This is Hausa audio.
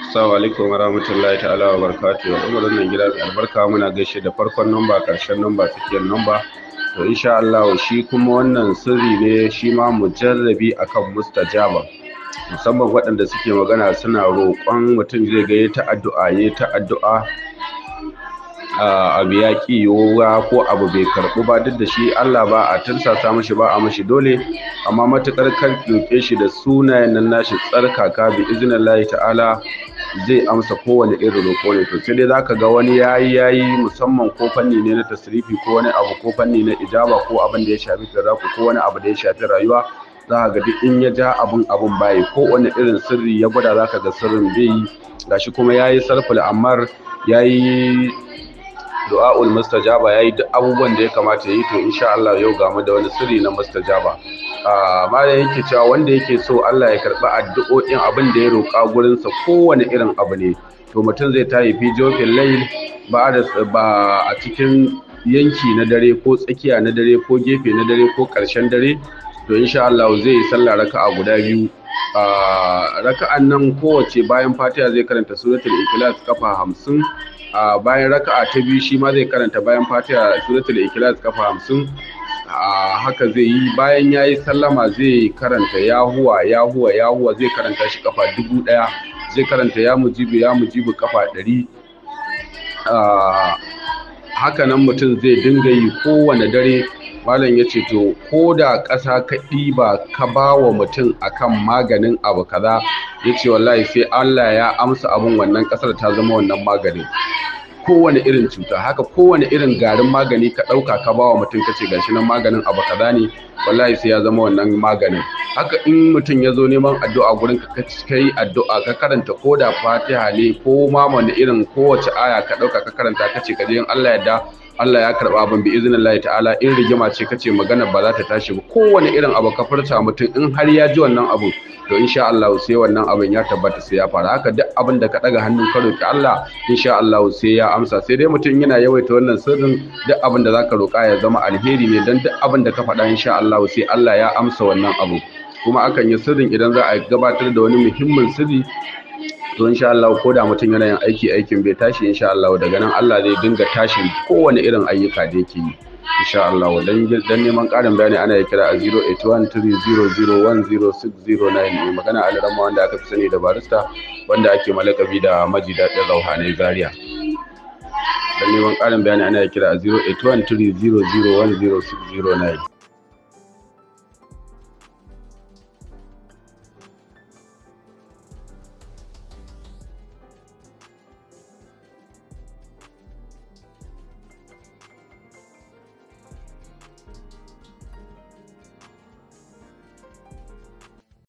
Assalamu alaikum wa rahmatullahi ta'ala wa barakatuhu. Umar wannan gida mai albarka muna gaishe da farkon namba karshen namba cikin nomba. To insha Allah shi kuma wannan sirri ne shi ma mu mujarrabi akan mustajaba. Musamman waɗanda suke magana suna roƙon mutum zai ga ta addu'a ya ta'addu'a. addu'a abu ya ƙi yiwuwa ko abu bai karɓu ba duk da shi Allah ba a tursasa mashi ba a mashi dole amma matuƙar kan roƙe shi da sunayen nan nashi tsarkaka bi Allah ta'ala zai amsa kowane irin roƙo ne to sai dai zaka ga wani yayi yayi musamman ko fanni ne na tasrifi ko wani abu ko fanni na ijaba ko abin da ya shafi tsaraku ko wani abu da ya shafi rayuwa Za ga duk in ya ja abin abin bayi ko wani irin sirri ya gwada zaka ga sirrin bai yi gashi kuma yayi amma ya yayi du'a'ul mustajaba yayi duk abubuwan da ya kamata ya yi. to insha Allah yau game da wani sirri na mustajaba ah, malam yake cewa wanda yake so Allah ya karɓi addu'o'in abin da ya roƙa gurin sa kowane irin abu ne to mutum zai ta fi jofin layil ba a cikin yanki na dare ko tsakiya na dare ko gefe na dare ko ƙarshen dare to insha Allah zai yi sallah raka'a guda biyu ah, raka'an nan kowace bayan fatiha zai karanta suratul ikhlas kafa hamsin a bayan raka'a ta biyu shi ma zai karanta bayan fatiha suratul ikhlas kafa hamsin a haka zai yi bayan ya yi sallama zai karanta yahuwa yahuwa yahuwa zai karanta shi kafa dubu daya zai karanta ya mujibu ya mujibu kafa ɗari hakanan mutum zai dinga yi kowane dare malam ya ce to ko da ƙasa ka ɗiba ka ba wa mutum akan maganin abu kaza ya ce wallahi sai allah ya amsa abin wannan ƙasar ta zama wannan maganin kowane irin cuta haka kowane irin garin magani ka ɗauka ka ba wa mutum ka ce gashi nan maganin abu kaza ne wallahi sai ya zama wannan maganin haka in mutum ya zo neman addu'a gurin ka kai addu'a ka karanta ko da fatiha ne ko ma wani irin kowace aya ka ɗauka ka karanta ka ce ka je in Allah yarda Allah ya karba abin bi iznillahi ta'ala in rigima ce kace magana ba za ta tashi ba kowane irin abu ka furta mutum in har ya ji wannan abu to insha Allah sai wannan abin ya tabbata sai ya fara haka duk abin da ka daga hannu ka roki Allah insha Allah sai ya amsa sai dai mutum yana yawaita wannan sirrin duk abin da zaka roka ya zama alheri ne dan duk abin da ka faɗa insha Allah Allah sai Allah ya amsa wannan abu kuma akan yi sirrin idan za a gabatar da wani muhimmin sirri to insha Allah ko da mutum yana yin aiki aikin bai tashi insha Allah daga nan Allah zai dinga tashin kowane irin ayyuka da yake yi insha Allah dan neman ƙarin bayani ana ya kira a 0813001069 magana a Ramma wanda aka fi sani da barista wanda ake malakabi da da rauhanai Zaria dan neman ƙarin bayani ana ya kira a 0813001069